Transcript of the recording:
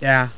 Yeah.